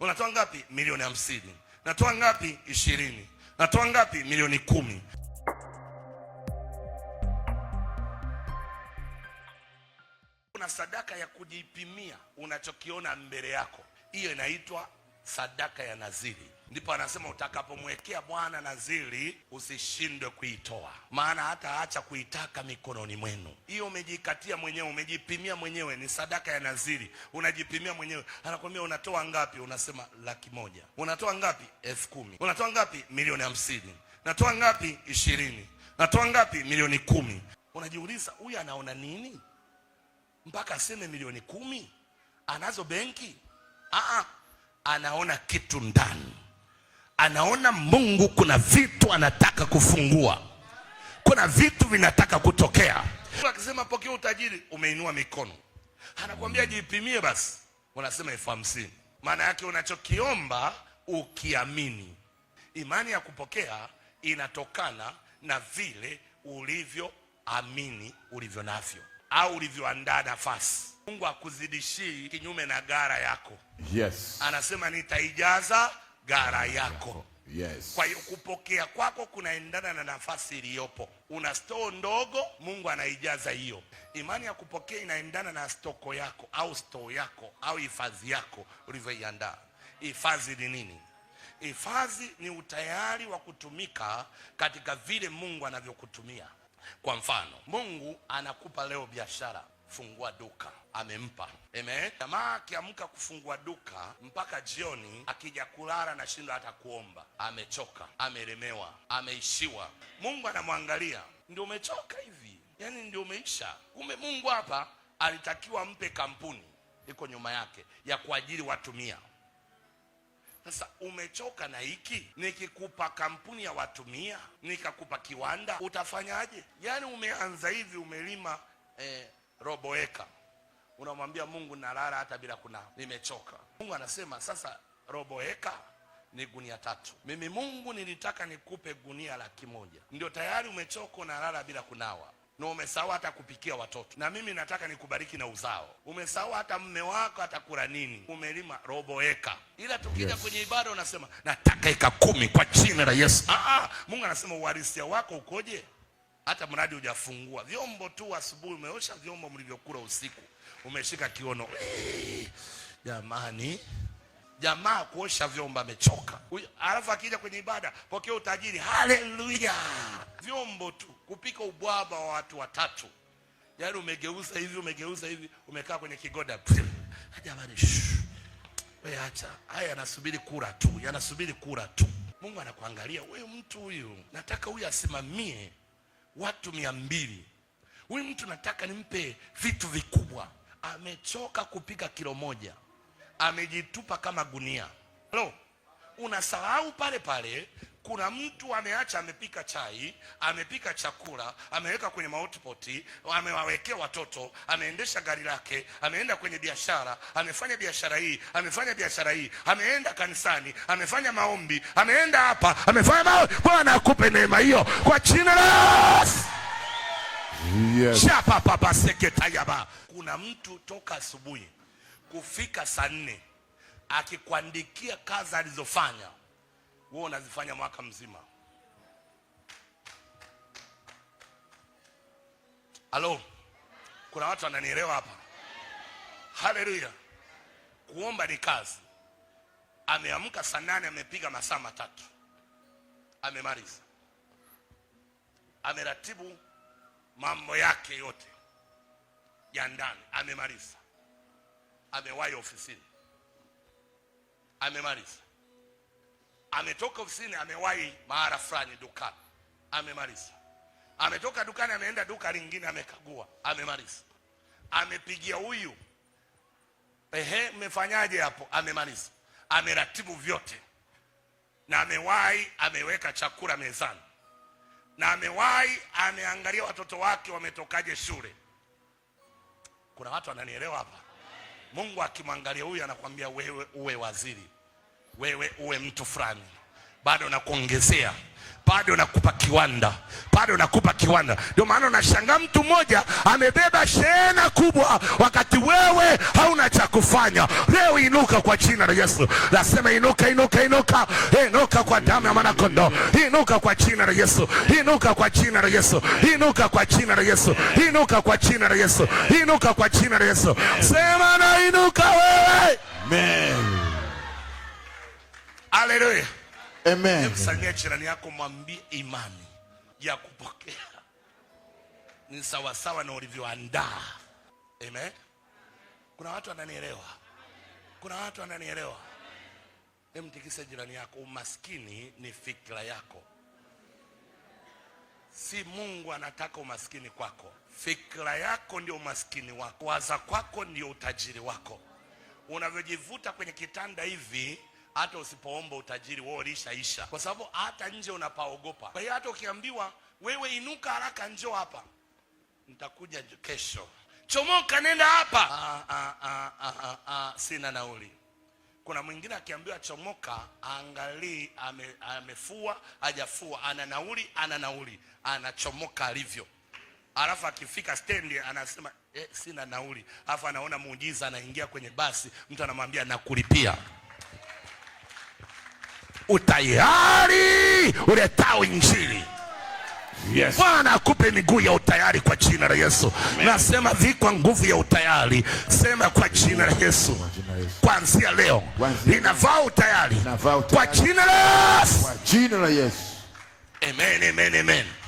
Unatoa ngapi? Milioni hamsini. Natoa ngapi? Ishirini. Natoa ngapi? Milioni kumi. Kuna sadaka ya kujipimia unachokiona mbele yako, hiyo inaitwa sadaka ya naziri. Ndipo anasema utakapomwekea Bwana naziri usishindwe kuitoa, maana hata acha kuitaka mikononi mwenu. Hiyo umejikatia mwenyewe, umejipimia mwenyewe, ni sadaka ya naziri, unajipimia mwenyewe. Anakwambia unatoa ngapi? Unasema laki moja. Unatoa ngapi? elfu kumi. Unatoa ngapi? milioni hamsini. Natoa ngapi? ishirini. Natoa ngapi? milioni kumi. Unajiuliza, huyu anaona nini mpaka aseme milioni kumi? Anazo benki? anaona kitu ndani, anaona Mungu kuna vitu anataka kufungua, kuna vitu vinataka kutokea. Akisema pokea utajiri, umeinua mikono, anakuambia mm. jipimie basi, unasema elfu hamsini. Maana yake unachokiomba ukiamini. Imani ya kupokea inatokana na vile ulivyoamini ulivyo navyo au ulivyoandaa nafasi. Mungu akuzidishii kinyume na gara yako. Yes. Anasema nitaijaza gara yako. Yes. Kwa hiyo kupokea kwako kunaendana na nafasi iliyopo. Una stoo ndogo, Mungu anaijaza hiyo. Imani ya kupokea inaendana na stoko yako au stoo yako au hifadhi yako ulivyoiandaa. Hifadhi ni nini? Hifadhi ni utayari wa kutumika katika vile Mungu anavyokutumia. Kwa mfano, Mungu anakupa leo biashara, fungua duka, amempa. Amen. Jamaa akiamka kufungua duka mpaka jioni, akija kulala na shindo hata kuomba, amechoka, amelemewa, ameishiwa. Mungu anamwangalia, ndio umechoka hivi, yaani ndio umeisha. Kumbe Mungu hapa alitakiwa mpe kampuni iko nyuma yake ya kuajiri watu mia sasa umechoka na hiki, nikikupa kampuni ya watu mia, nikakupa kiwanda utafanyaje? Yaani umeanza hivi, umelima eh, robo eka, unamwambia Mungu nalala hata bila kunawa, nimechoka. Mungu anasema sasa, robo eka ni gunia tatu. Mimi Mungu nilitaka nikupe gunia laki moja, ndio tayari umechoka, unalala bila kunawa na umesahau hata kupikia watoto. Na mimi nataka nikubariki na uzao. Umesahau hata mme wako atakula nini, umelima robo eka, ila tukija yes, kwenye ibada unasema nataka eka kumi kwa jina la Yesu. Ah, ah, Mungu anasema uharisia wako ukoje? Hata mradi hujafungua vyombo tu, asubuhi umeosha vyombo mlivyokula usiku, umeshika kiono. Jamani. Jamaa kuosha vyombo amechoka, alafu akija kwenye ibada pokea utajiri. Haleluya! vyombo tu, kupika ubwaba wa watu watatu, yaani umegeuza hivi, umegeuza hivi, umekaa kwenye kigoda. Jamani, acha haya, yanasubiri kura tu, yanasubiri kura tu. Mungu anakuangalia huyu mtu huyu nataka huyu asimamie watu mia mbili, huyu mtu nataka nimpe vitu vikubwa, amechoka kupika kilo moja amejitupa kama gunia. Halo, unasahau pale pale kuna mtu ameacha, amepika chai, amepika chakula, ameweka kwenye mahotipoti, amewawekea watoto, ameendesha gari lake, ameenda kwenye biashara, amefanya biashara hii, amefanya biashara hii, ameenda kanisani, amefanya maombi, ameenda hapa, amefanya maombi. Bwana akupe neema hiyo kwa jina la Yesu. Yes. Kuna mtu toka asubuhi kufika saa nne akikuandikia kazi alizofanya wewe unazifanya mwaka mzima. Halo, kuna watu wananielewa hapa? Haleluya! Kuomba ni kazi. Ameamka saa nane, amepiga masaa matatu, amemaliza, ameratibu mambo yake yote ya ndani, amemaliza amewahi ofisini, amemaliza. Ametoka ofisini, amewahi mahala fulani dukani, amemaliza. Ametoka dukani, ameenda duka lingine, amekagua, amemaliza. Amepigia huyu, ehe, mmefanyaje hapo? Amemaliza. Ameratibu vyote na amewahi, ameweka chakula mezani na amewahi, ameangalia watoto wake wametokaje shule. Kuna watu wananielewa hapa? Mungu akimwangalia huyu anakuambia wewe uwe waziri, wewe uwe mtu fulani bado nakuongezea, bado nakupa kiwanda, bado nakupa kiwanda. Ndio maana unashangaa mtu mmoja amebeba shehena kubwa, wakati wewe hauna cha kufanya. Leo inuka kwa jina la Yesu, nasema inuka, inuka, inuka, inuka kwa damu ya kondoo, inuka kwa jina la Yesu, inuka kwa jina la Yesu, inuka kwa jina la Yesu, inuka kwa jina la Yesu, inuka kwa jina la Yesu. Sema na inuka wewe. Amen, haleluya. Amen. Msanyia jirani yako, mwambie imani ya kupokea ni sawasawa na ulivyoandaa. Amen. Kuna watu wananielewa, kuna watu wananielewa. Emtikise jirani yako, umaskini ni fikra yako, si Mungu anataka umaskini kwako. Fikra yako ndio umaskini wako, waza kwako ndio utajiri wako. Unavyojivuta kwenye kitanda hivi hata usipoomba utajiri wewe ulishaisha, kwa sababu hata nje unapaogopa. Kwa hiyo hata ukiambiwa wewe inuka haraka, njoo hapa, nitakuja kesho, chomoka, nenda hapa, ah, ah, ah, ah, ah, ah, sina nauli. Kuna mwingine akiambiwa chomoka, angalii ame, amefua hajafua, ana nauli, ana nauli, anachomoka alivyo, alafu akifika stendi anasema eh, sina nauli, alafu anaona muujiza, anaingia kwenye basi, mtu anamwambia nakulipia utayari uletao Injili. Yes. Bwana akupe miguu ya utayari kwa jina la Yesu. Amen. Nasema vikwa nguvu ya utayari, sema kwa jina la Yesu. Kuanzia leo ninavaa utayari kwa jina la Yesu. Amen, amen, amen.